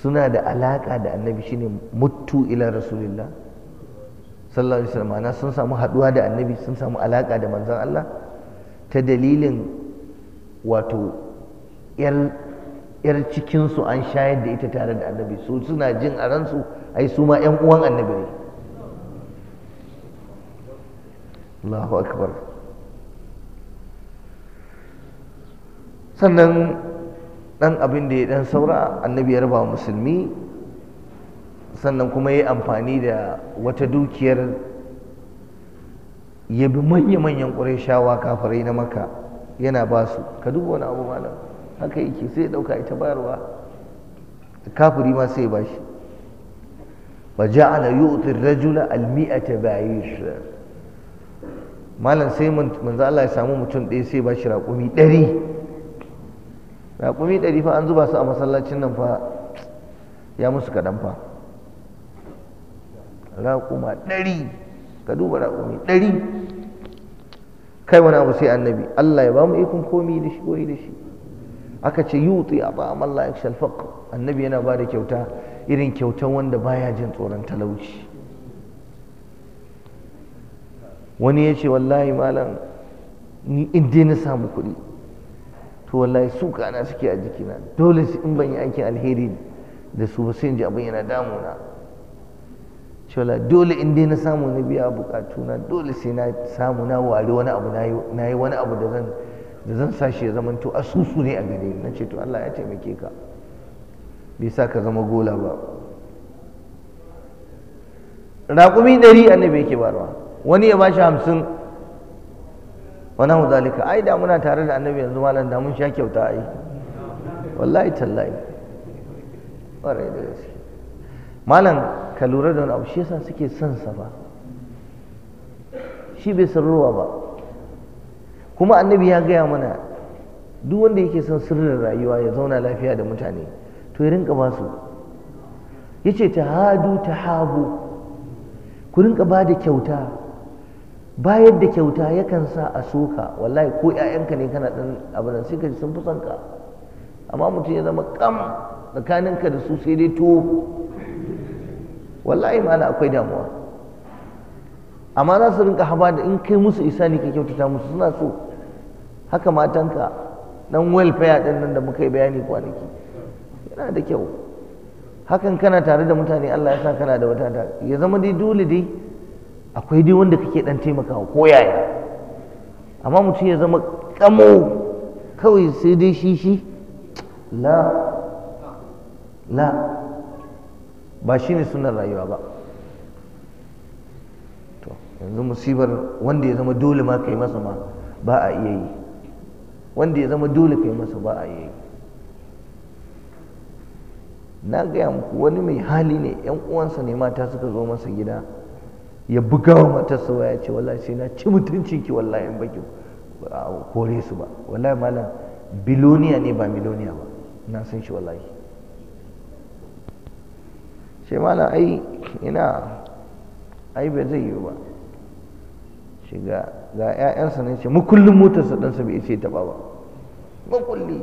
suna da alaƙa da annabi shine mutu ila rasulillah sallallahu alaihi wasallam ma'ana sun samu haɗuwa da annabi sun samu alaka da manzon Allah ta dalilin wato yar su an shayar da ita tare da annabi su suna jin a ransu ai su ma 'yan uwan annabi ne Allahu akbar sannan dan abin da ya dan saura annabi ya raba musulmi sannan kuma ya amfani da wata dukiyar ya bi manya-manyan ƙurashawa kafirai na maka yana ba su ka duba wani abu malam haka yake sai ya ɗauka ita bayarwa kafiri ma sai ya ba shi wa ja'ala yi ar-rajula al bayi bayish malam sai manzo Allah ya samu mutum ɗaya sai ba shi raƙumi ɗari raƙumi ɗari fa an zuba su a masallacin nan fa ya musu kaɗan fa raƙuma ɗari ka duba raƙumi ɗari kai wani abu sai annabi Allah ya ba mu ikon komi da shi koyi da shi aka ce yuti a ba'am Allah ya annabi yana ba da kyauta irin kyautan wanda baya jin tsoron talauci wani ya ce wallahi malam ni in dai na samu kuɗi to wallahi su kana suke a jikina dole in ban yi aikin alheri da su ba sai in ji abin yana damuna shola dole in dai na samu na biya bukatu na dole sai na samu na ware wani abu na yi wani abu da zan da zan sashi ya zama to asusu ne a gare na ce to Allah ya taimake ka bai sa ka zama gola ba raƙumi ɗari annabi yake barwa wani ya bashi hamsin wani hau zalika ai da muna tare da annabi yanzu malam da mun sha kyauta ai wallahi tallahi ƙwarai da gaske malam ka lura da wani abu shi yasa suke son sa ba shi bai san ruwa ba kuma annabi ya gaya mana duk wanda yake son sirrin rayuwa ya zauna lafiya da mutane to ya rinka su ya ce ta hadu ta habu ku rinka ba da kyauta bayar da kyauta yakan sa a soka wallahi ko 'ya'yanka ne kana ɗan abu nan sai ka ji sun fi son ka amma mutum ya zama kam tsakaninka da su sai dai to wallahi ma akwai damuwa amma za su rinka haba da in kai musu isa ne ka kyautata musu suna so haka matanka dan welfare din nan da muka yi bayani kwanaki yana da kyau hakan kana tare da mutane Allah ya sa kana da wata ta ya zama dai dole dai akwai dai wanda kake dan taimakawa ko yaya amma mutum ya zama kamo kawai sai dai shi shi la la ba shi ne sunan rayuwa ba to yanzu musibar wanda ya zama dole ma kai masa ma ba a iya yi wanda ya zama dole kai masa ba a iya yi na gaya muku wani mai hali ne yan uwansa ne mata suka zo masa gida ya buga wa matarsa ya ce wallahi sai na ci ki wallahi in baki kore su ba wallahi malam biloniya ne ba miloniya ba na san shi wallahi ce mana ai ina ai ba zai yiwu ba shiga ga 'ya'yansa ne ce mukullin motarsa ɗansa bai ce ya taɓa ba makulli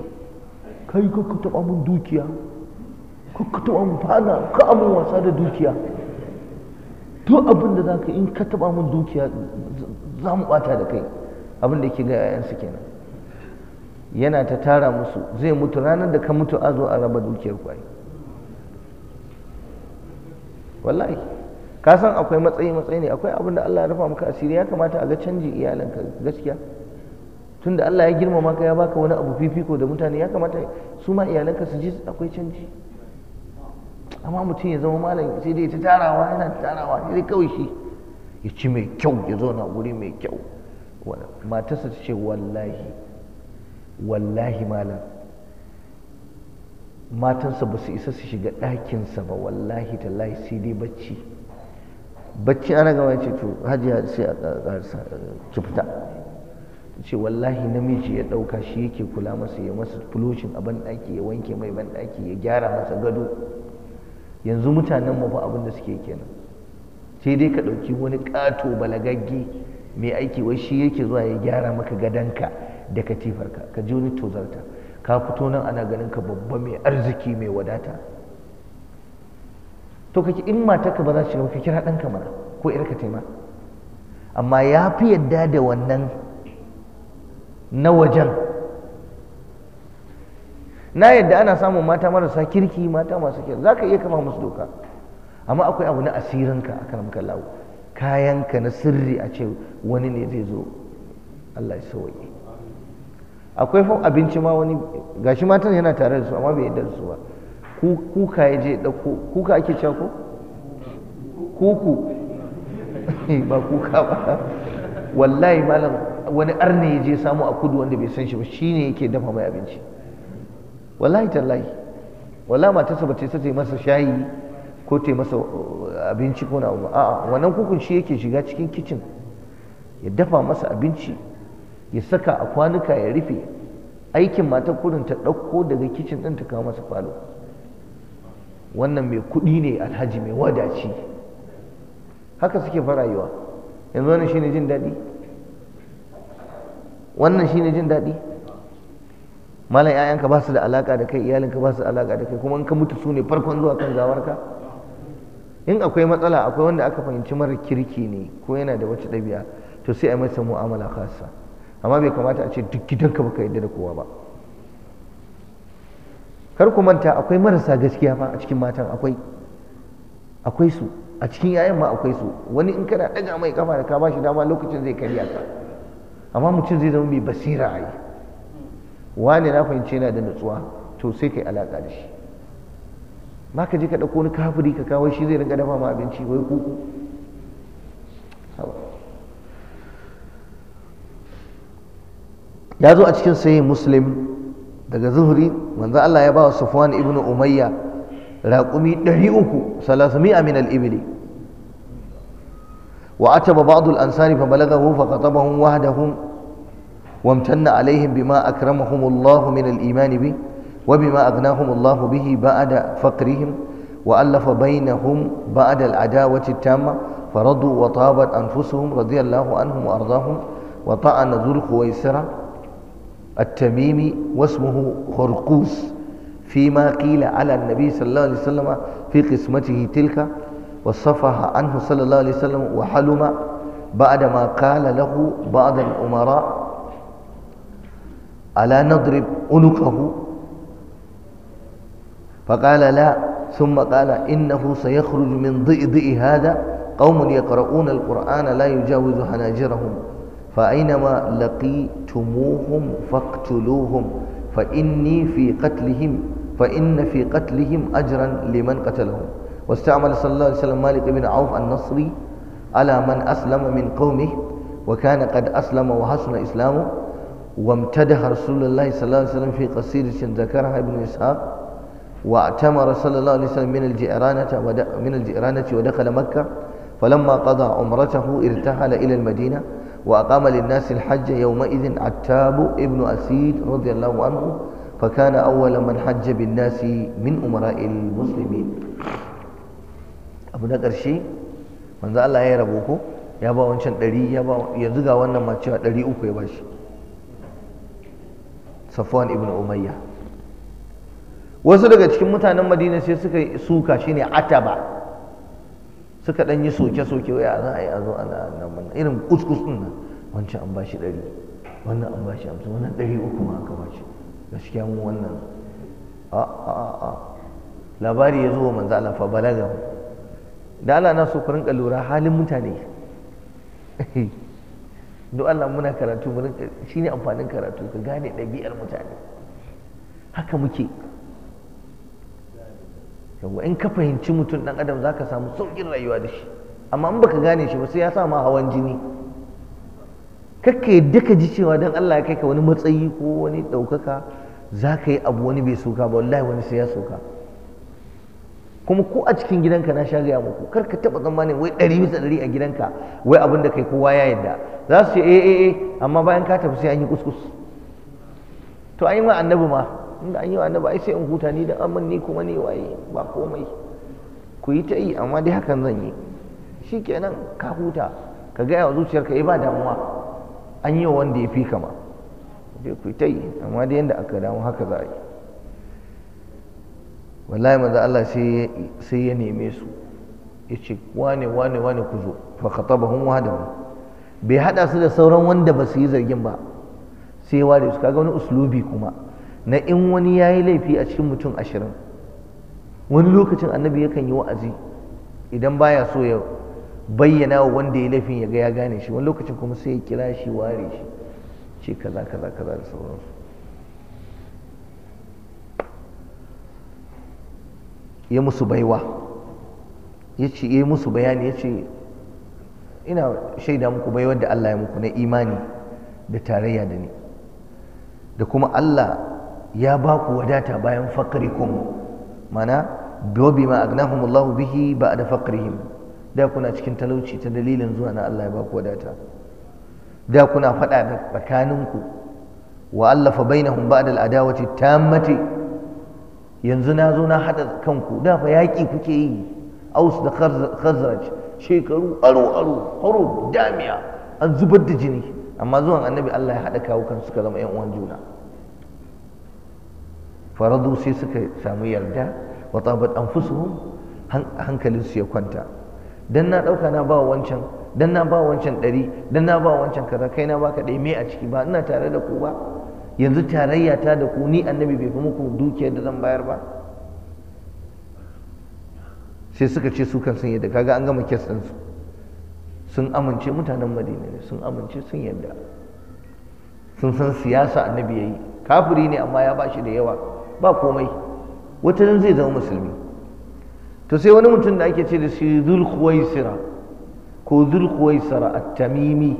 kai ka ku taɓa mun dukiya ka ku taɓa mun fana ka abin wasa da dukiya To abin da za ka in ka taɓa mun dukiya za mu ɓata da kai abin da yake ga ƴaƴansa kenan yana ta tara musu zai mutu ranar da ka mutu a zo a raba dukiyar kwai wallahi ka san akwai matsayi matsayi ne akwai abin da Allah ya rufa maka asiri ya kamata a ga canji ka gaskiya tunda Allah ya girmama ka ya baka wani abu fifiko da mutane ya kamata su ma iyalanka su ji akwai canji amma mutum ya zama malam sai dai ta tarawa yana ta tarawa sai kawai shi ya ci mai kyau ya zo na guri mai kyau matarsa ta ce wallahi wallahi malam matansa ba su isa su shiga ɗakinsa ba wallahi tallahi sai dai bacci bacci ana gama ce to hajiya sai a ƙarsa ki fita ce wallahi namiji ya ɗauka shi yake kula masa ya masa fuloshin a banɗaki ya wanke mai banɗaki ya gyara masa gado yanzu mutanen mu fa abin da suke kenan sai dai ka ɗauki wani ƙato balagagge mai aiki wai shi yake zuwa ya gyara maka gadonka da katifarka ka ji wani tozarta ka fito nan ana ganin ka babba mai arziki mai wadata to kake in matarka ba za ta shiga ka kira ɗanka mana ko ka taima amma ya fi yadda da wannan na wajen na yadda ana samun mata marasa kirki mata masu kyau za ka iya kama musu doka amma akwai abu na asirinka a kan kayan kayanka na sirri a ce wani ne zai zo allah ya sauwaye akwai fa abinci ma wani gashi matan yana tare da su amma bai yadda da su ba kuka ya je ɗauko kuka ake cewa ko kuku ba kuka ba wallahi malam wani arne ya je samu a kudu wanda bai san shi ba shine yake dafa mai abinci wallahi tallahi wallahi matarsa ba ta yi masa shayi ko ta masa uh, abinci ko na a'a wannan kukun shi yake shiga cikin kicin ya dafa masa abinci ya saka a kwanuka ya rufe aikin matar kurin ta ɗauko daga kicin ɗin ta kawo masa falo wannan mai kuɗi ne alhaji mai wadaci haka suke farayuwa yanzu wannan shine jin daɗi wannan shine jin daɗi malam ka ba su da alaka da kai iyalinka ba su da alaka da kai kuma in ka mutu su ne farkon zuwa kan ka in akwai matsala akwai wanda aka fahimci mara kirki ne ko yana da wata ɗabi'a to sai a masa mu'amala khassa amma bai kamata a ce duk gidanka baka yadda da kowa ba kar ku manta akwai marasa gaskiya fa a cikin matan akwai akwai su a cikin yayan ma akwai su wani in kana daga mai kafa da ka bashi dama lokacin zai karya ka amma mutum zai zama mai basira ai wani na fahimci yana da nutsuwa to sai kai alaka da shi ma ka je ka dauko wani kafiri ka kawo shi zai rinka dafa mu abinci wai ku. ya zo a cikin sahih muslim daga zuhuri manzo Allah ya ba wa sufwan ibnu umayya raƙumi 300 uku min al-ibli wa ataba ba'd al-ansari fa balaghahu fa qatabahum wahdahum وامتن عليهم بما أكرمهم الله من الإيمان به وبما bihi الله به بعد فقرهم وألف بينهم بعد العداوة التامة فرضوا وطابت أنفسهم رضي الله عنهم وأرضاهم وطعن ذو الخويسرة التميمي واسمه خرقوس فيما قيل على النبي صلى الله عليه وسلم في قسمته تلك وصفها عنه صلى الله عليه وسلم وحلم بعدما قال له بعض الأمراء ألا نضرب عنقه فقال لا ثم قال إنه سيخرج من ضئضئ هذا قوم يقرؤون القرآن لا يجاوز حناجرهم فأينما لقيتموهم فاقتلوهم فإني في قتلهم فإن في قتلهم أجرا لمن قتلهم واستعمل صلى الله عليه وسلم مالك بن عوف النصري على من أسلم من قومه وكان قد أسلم وحسن إسلامه وامتدح رسول الله صلى الله عليه وسلم في قصيدة ذكرها ابن إسحاق واعتمر صلى الله عليه وسلم من الجئرانة من الجئرانة ودخل مكة فلما قضى عمرته ارتحل إلى المدينة وأقام للناس الحج يومئذ عتاب ابن أسيد رضي الله عنه فكان أول من حج بالناس من أمراء المسلمين أبو نكر شيء من ذا الله يربوكو wannan ma cewa ya ba shi ibn umayya wasu daga cikin mutanen madina sai suka suka shine ataba suka dan yi soke-soke waya za a yi a zo ana nan wannan irin kuskus din nan wancan an bashi ɗari wannan an bashi hamsin wannan ɗari uku ma aka bashi gaskiya mu wannan a a a labari ya zo wa manzo Allah fa balaga da Allah na so ku rinka lura halin mutane Do Allah muna karatu mu rinka shine amfanin karatu ka gane ɗabi'ar mutane haka muke yawa in ka fahimci mutum dan adam zaka samu saukin rayuwa da shi amma in baka gane shi ba sai ya sa ma hawan jini kakka yadda ka ji cewa don Allah ya kai ka wani matsayi ko wani ɗaukaka za ka yi abu wani bai soka ba wallahi wani sai ya soka kuma ko a cikin gidanka na sha gaya muku kar ka taɓa tsammanin wai ɗari bisa ɗari a gidanka wai abin da kai kowa ya yadda za su ce eh, eh, eh amma bayan ka tafi sai an yi kuskus to an yi ma annabi ma inda an yi wa annabi ai sai in huta ni dan amin ni kuma ne waye ba komai ku yi ta yi amma dai hakan zan yi shi kenan ka huta ka gaya wa zuciyarka eh ba damuwa an yi wa wanda ya fi kama dai ku ta yi amma dai yanda aka damu haka za a yi wallahi maza Allah sai ya neme su ya ce wane wane wane ku zo fa khatabahum wahdahu bai hada su da sauran wanda ba su yi zargin ba sai ya ware su kaga wani uslubi kuma na in wani ya yi laifi a cikin mutum ashirin wani lokacin annabi yakan yi wa'azi idan baya so ya bayyana wa wanda ya laifin ya ga ya gane shi wani lokacin kuma sai ya kira shi ware shi ce kaza kaza kaza da sauransu ya musu baiwa ya ce ya musu bayani ya ce ina shaida muku baiwar da Allah ya muku na imani da tarayya da ni da kuma Allah ya ba ku wadata bayan fakrikum mana dobi ma agnahumullahu bihi ba'da fakrihim da kuna cikin talauci ta dalilin zuwa na Allah ya ba ku wadata da kuna faɗa tsakaninku wa allafa bainahum ba'da al'adawati tammati yanzu na zo na haɗa kanku da fa yaƙi kuke yi aus da khazraj shekaru aro aro damiya an zubar da jini amma zuwan annabi Allah ya haɗa kawo kan suka zama 'yan uwan juna faradu sai suka samu yarda wa tabat anfusuhum hankalinsu ya kwanta dan na dauka na ba wancan dan na ba wancan dari, dan na ba wancan kaza kai na baka dai me a ciki ba ina tare da ku ba yanzu tarayya ta da ku ni annabi bai fi muku dukiyar da zan bayar ba sai suka ce su kan sun yadda kaga an gama kes ɗinsu sun amince mutanen madina ne sun amince sun yadda sun san siyasa annabi ya yi kafiri ne amma ya ba shi da yawa ba komai wata zai zama musulmi to sai wani mutum da ake ce da shi zulkuwaisira ko zulkuwaisira a tamimi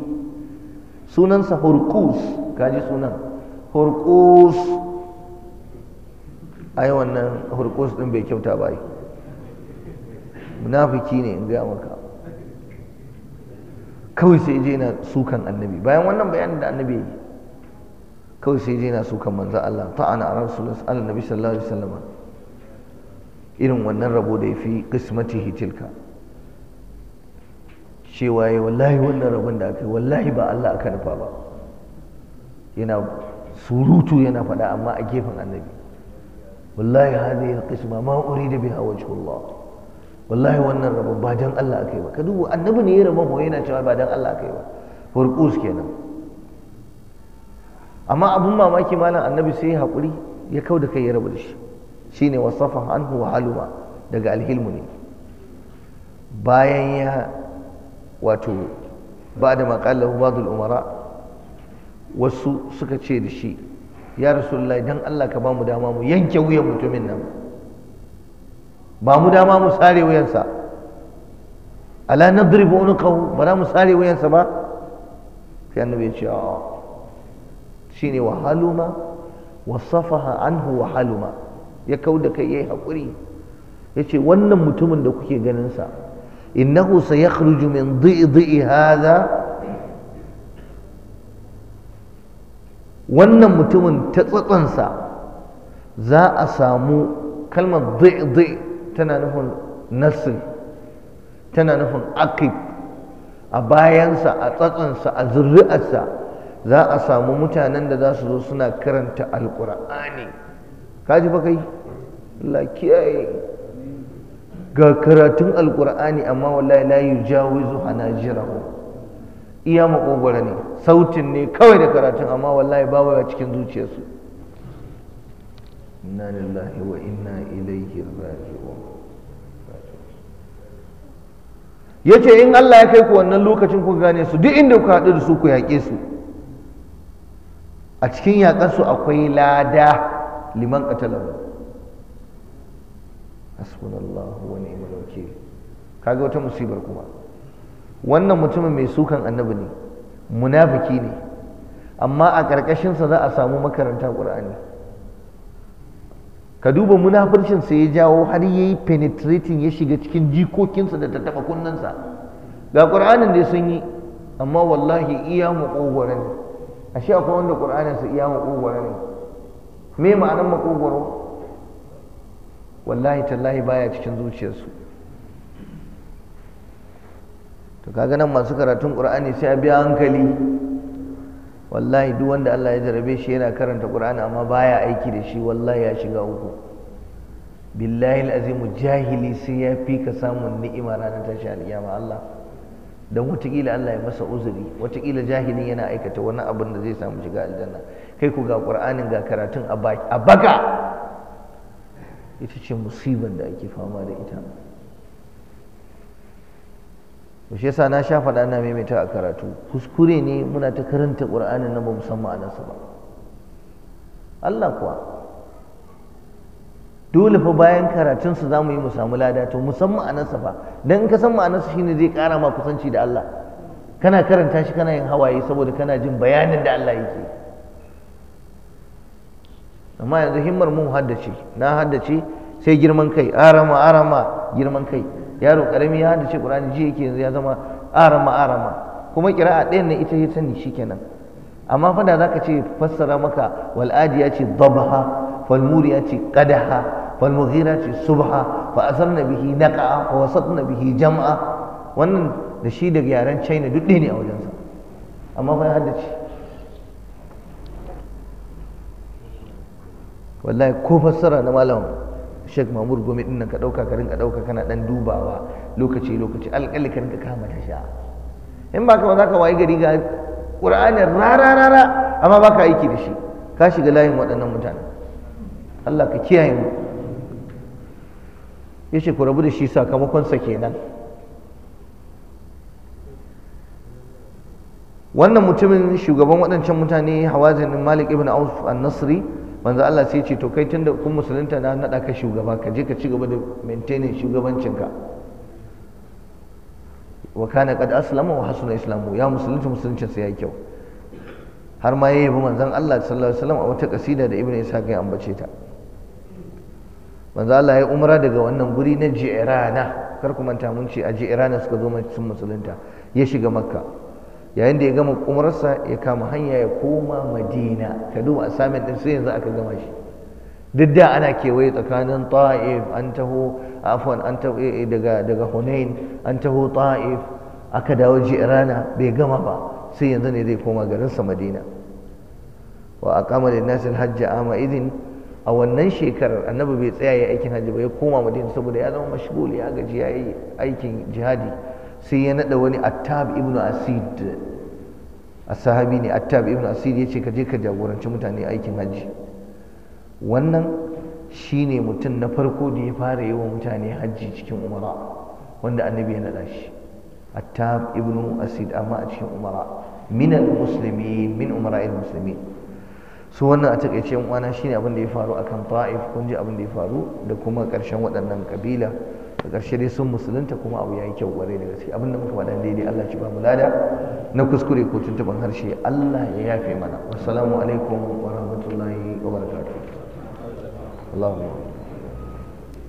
sunansa hurkus kaji sunan hurkus ai wannan hurkus din bai kyauta ba yi munafiki ne in gaya maka kawai sai je na sukan annabi bayan wannan bayanin da annabi ya yi kawai sai dai na sukan manzo Allah ta'ana su rasulullah annabi sallallahu alaihi wasallam irin wannan rabo da ya fi qismatihi tilka cewa ya wallahi wannan rabon da aka yi wallahi ba Allah aka nufa ba yana surutu yana faɗa amma a gefen annabi wallahi hadhihi alqisma ma urida biha wajhullah wallahi wannan rabon ba dan Allah aka yi ba ka duba annabi ne ya rabon ho yana cewa ba dan Allah aka yi ba furqus kenan amma abin mamaki malam annabi sai ya haƙuri ya kau da kai ya rabu da shi shine wasafa anhu wa haluma daga alhilmu ne bayan ya wato ba da maƙalar badul umara wasu suka ce da shi ya rasulullahi dan Allah ka ba mu dama mu yanke wuyan mutumin nan ba mu dama mu sare wuyansa ala nadribu unqahu ba za mu sare wuyansa ba sai annabi ya ce a'a shine wahaluma wasafaha wa safaha anhu wa haluma ya kau da kai yayi hakuri yace wannan mutumin da kuke ganin sa innahu sayakhruju min dhi'i hadha wannan mutumin ta tsatsansa za a samu kalmar dhi'i tana nufin nasir tana nufin akib a bayansa a tsatsansa a zuri'arsa za a samu mutanen da za su zo suna karanta alkur'ani kaji fa kai la kiyaye ga karatun alkur'ani amma wallahi la yujawizu hanajirahu iya makogwara ne sautin ne kawai da karatun amma wallahi babu a cikin zuciyarsu inna lillahi wa inna ilaihi raji'un yace in Allah ya kai ku wannan lokacin ku gane su duk inda ku haɗu da su ku yaƙe su a cikin yaƙansu akwai lada liman qatalahu wani kaga wata musibar kuma wannan mutumin mai sukan annabi ne munafiki ne amma a ƙarƙashinsa za a samu makaranta ƙur'ani ka duba munafircinsa ya jawo har ya yi penetrating ya shiga cikin jikokinsa da ta taɓa kunnensa ga ƙur'anin ne sun yi amma wallahi iya maƙogwara ne ashe akwai wanda qur'anin su iya maƙogwaro ne me ma'anar maƙogwaro wallahi tallahi baya cikin zuciyarsu to kaga nan masu karatun ƙur'ani sai a biya hankali wallahi duk wanda Allah ya jarabe shi yana karanta ƙur'ani amma baya aiki da shi wallahi ya shiga uku billahi alazim jahili sai ya fi ka samun ni'ima ranar tashi al'iyama Allah don watakila Allah ya masa uzuri watakila jahili yana aikata wani abin da zai samu shiga aljanna kai ku ga qur'anin ga karatun a baka ita ce musibar da ake fama da ita to shi yasa na sha faɗa na maimaita a karatu kuskure ne muna ta karanta qur'anin nan ba musamman a nasa ba Allah kuwa dole fa bayan karatun su mu yi mu samu lada to musamman ma'anarsa fa don in ka san ma'anarsa shine zai kara ma kusanci da Allah kana karanta shi kana yin hawaye saboda kana jin bayanin da Allah yake amma yanzu himmar mun haddace na haddace sai girman kai arama arama girman kai yaro karami ya haddace qur'ani ji yake yanzu ya zama arama arama kuma kira'a ɗayan ne ita ya sani shikenan amma fa da zaka ce fassara maka wal adiya ce dabaha Falmuri muriya ce qadaha falmughirati subha fa asarna bihi naqa'a fa wasatna bihi jam'a wannan da shi daga yaren china duk ne a wajensa amma fa ya haddace wallahi ko fassara na malam Sheikh Mamur Gome din nan ka dauka ka rinka dauka kana dan dubawa lokaci lokaci alƙalli ka rinka kama ta sha in baka ba za ka wayi gari ga Qur'ani rara rara amma baka aiki da shi ka shiga layin waɗannan mutane Allah ka kiyaye mu ya ce ku rabu da shi sakamakonsa kenan wannan mutumin shugaban waɗancan mutane hawazin din malik ibn auf an-nasri manzo Allah sai ce to kai tunda kun musulunta na nada ka shugaba ka je ka ci gaba da maintaining shugabancinka wa kana qad aslama wa hasuna islamu ya musulunci musuluncinsa ya kyau har ma yayi bi manzon Allah sallallahu alaihi wasallam a wata kasida da ibn isa ga ambace ta manzo Allah ya umra daga wannan guri na Jirana kar ku manta mun ce a Jirana suka zo sun musulunta ya shiga Makka yayin da ya gama umrarsa ya kama hanya ya koma Madina ka duba assignment din sai yanzu aka gama shi duk da ana kewaye tsakanin Ta'if an taho afwan an taho eh, eh, daga daga Hunain an taho Ta'if aka dawo Jirana bai gama ba sai yanzu ne zai koma garinsa Madina wa aqama lin-nasi al-hajja ama idin a wannan shekarar annabi bai tsaya ya aikin hajji ba ya koma madina saboda ya zama mashgul ya gaji ya yi aikin jihadi sai ya naɗa wani attab ibnu asid sahabi ne attab ibnu asid ya ce ka je ka jagoranci mutane aikin hajji wannan shi ne mutum na farko da ya fara yi wa mutane hajji cikin umara wanda annabi ya naɗa shi attab ibnu asid amma a cikin umara min al-muslimin min umara'il muslimin su wannan a takaice wannan shine abin da ya faru akan ta'if kun ji abin da ya faru da kuma karshen waɗannan kabila da karshe dai sun musulunta kuma abu yayi kyau kwarai da gaske abin da muka faɗa daidai Allah ci ba mu lada na kuskure ko tuntuban harshe Allah ya yafe mana assalamu alaikum wa rahmatullahi wa barakatuh Allahumma